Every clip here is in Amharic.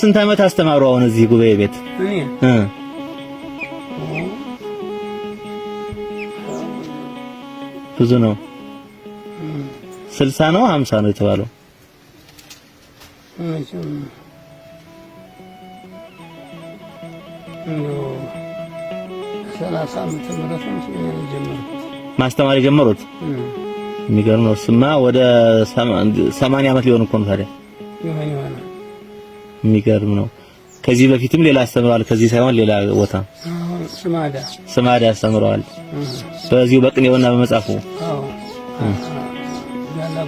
ስንት ዓመት አስተማሩ? አሁን እዚህ ጉባኤ ቤት እኔ ብዙ ነው። ስልሳ ነው ሀምሳ ነው የተባለው ማስተማር የጀመሩት የሚገርም ነው። ስማ ወደ ሰማንያ ዓመት ሊሆን እኮ ነው ታዲያ የሚገርም ነው። ከዚህ በፊትም ሌላ አስተምረዋል። ከዚህ ሳይሆን ሌላ ቦታ ስማዳ ስማዳ አስተምረዋል። በዚሁ በቅኔውና በመጻፉ ያላ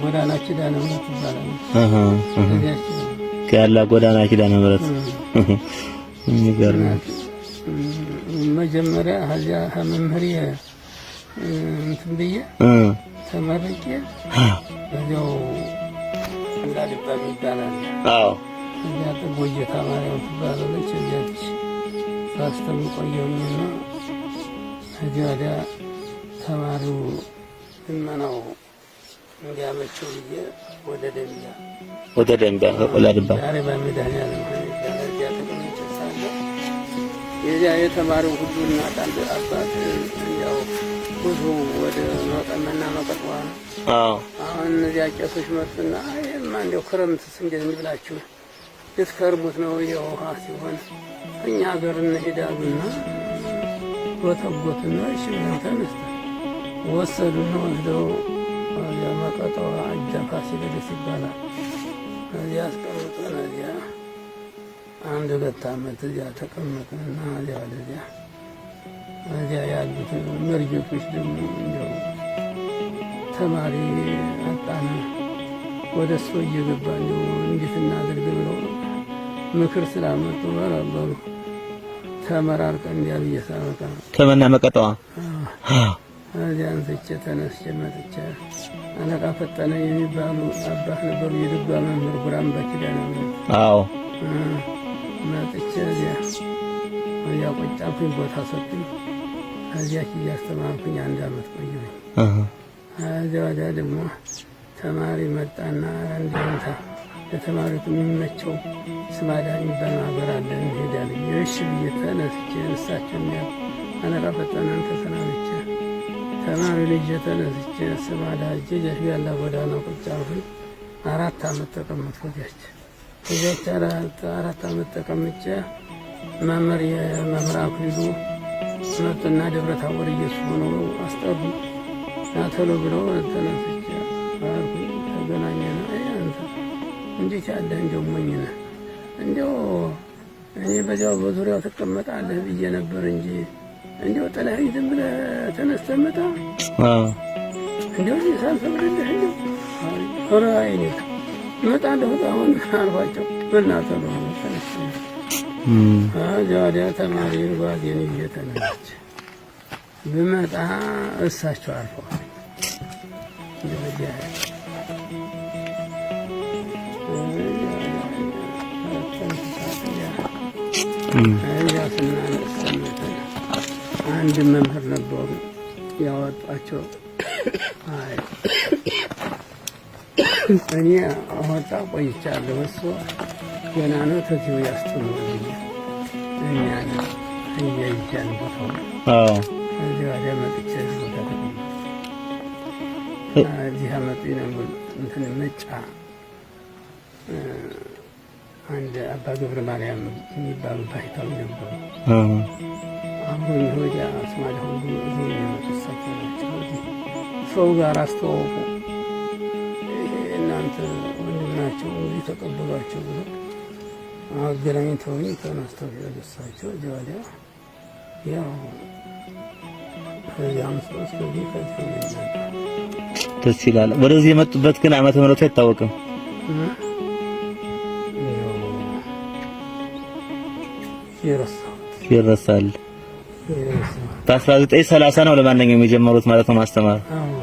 ጎዳና ኪዳነ ምሕረት የሚገርም መጀመሪያ ሀዚያ መምህር እንትን ብዬ ተመርቄ ያው እንዳልባ ይባላል። አዎ እዚያ ጥግ ወየታ ማርያም ትባላለች። እዚያች ሳስተም ቆየሁኝና እዚህ ወዲያ ተማሪው ልመናው እንዲያመቸው ብዬ ወደ ደንቢያ ወደ ደንቢያ ወላድባ አረባ መዳኛ የዚያ የተማሪው ሁሉ እናት አንድ አባት ያው ብዙ ወደ መቀመና መቀጥዋ አሁን እነዚያ ቄሶች መጡና ይህማ እንዲያው ክረምትስ እንዴት እንዲብላችሁ ልትከርሙት ነው የውሃ ሲሆን እኛ ሀገር እንሄዳሉና ጎተጎትና ሽብን ተነስተ ወሰዱና ወስደው የመቀጠዋ እጃ ፋሲለደስ ይባላል። እዚያ አስቀምጠን እዚያ አንድ ሁለት አመት እዚያ ተቀመጥንና እዚያ ወደዚያ እዚያ ያሉት መርጀቶች ደግሞ እንዲያው ተማሪ አጣና ወደ እሱ እየገባ እንዲሁ እንዴት ምክር ስላመጡ ነበሩ ተመራርቀን እንዲያል እየሳመጣ ተመና መቀጠዋ እዚያን ስቼ ተነስቼ መጥቼ አለቃ ፈጠነ የሚባሉ አባት ነበሩ። የልባ መምህር ጉራም በኪዳ ነበር። አዎ መጥቼ እዚያ እዚያ ቆጫኩኝ ቦታ ሰጡኝ። ከዚያች እያስተማርኩኝ አንድ አመት ቆየሁኝ። እዚያ ወዲያ ደግሞ ተማሪ መጣና እንዲሁንታ ለተማሪዎች የሚመቸው ስማዳኝ በማህበር አለ እንሄዳለን። የእሺ ብዬ ተነስቼ እሳቸው ሚያ አነራ በጣናን ተሰናብቼ ተማሪ ልጅ ተነስቼ ስማዳጅ ጀፊ ያለ ጎዳና ቁጭ አልኩኝ። አራት አመት ተቀመጥኩ እዚያች እዚያች አራት አመት ተቀምጬ መምህር የመምህር አክሊሉ መጡና ደብረ ታቦር እየሱ ሆነው አስጠሩ ናተሎ ብለው ተነስቼ እንዴት ያለ እንደው ሞኝ ነህ እንዲው እኔ በዚያው በዙሪያው ትቀመጣለህ ብዬ ነበር እንጂ እንዲው ጥለህ ዝም ብለህ ተነስተህ መጣ እንዲው ሳልፈቅድልህ እንዲው ኧረ አይኔ እመጣለሁ አሁን አልኳቸው። በእናትህ ነው ተነስ እዚያ ወዲያ ተማሪ ጓዜን እየተነች ብመጣ እሳቸው አልፈዋል። አንድ መምህር ነበሩ ያወጣቸው። እኔ አወጣ ቆይቻለሁ። እሱ ገና ነው ተዚሁ ያስተምሩልኝ እኛ እያይጃን ቦታው እዚህ ወዲያ መጥቼ ቦታ እዚህ አመጡ ነበር እንትን መጫ አንድ አባ ገብረ ማርያም የሚባሉ ባህታዊ ነበሩ። አሁን ወዲያ ሶማሊያ ሁሉ የሚመጡሳቸው ናቸው። ሰው ጋር አስተዋወቁ። እናንተ ወንድም ናቸው እንዲህ ተቀበሏቸው ብሎ አገናኝተውኝ ተነስተው ደሳቸው ጀዋዲያ ያው ከዚያም ሶስት ከዚህ ከዚህ ደስ ይላል። ወደዚህ የመጡበት ግን ዓመተ ምሕረቱ አይታወቅም። ይረሳል። በ1930 ነው ለማንኛውም የጀመሩት ማለት ነው ማስተማር አዎ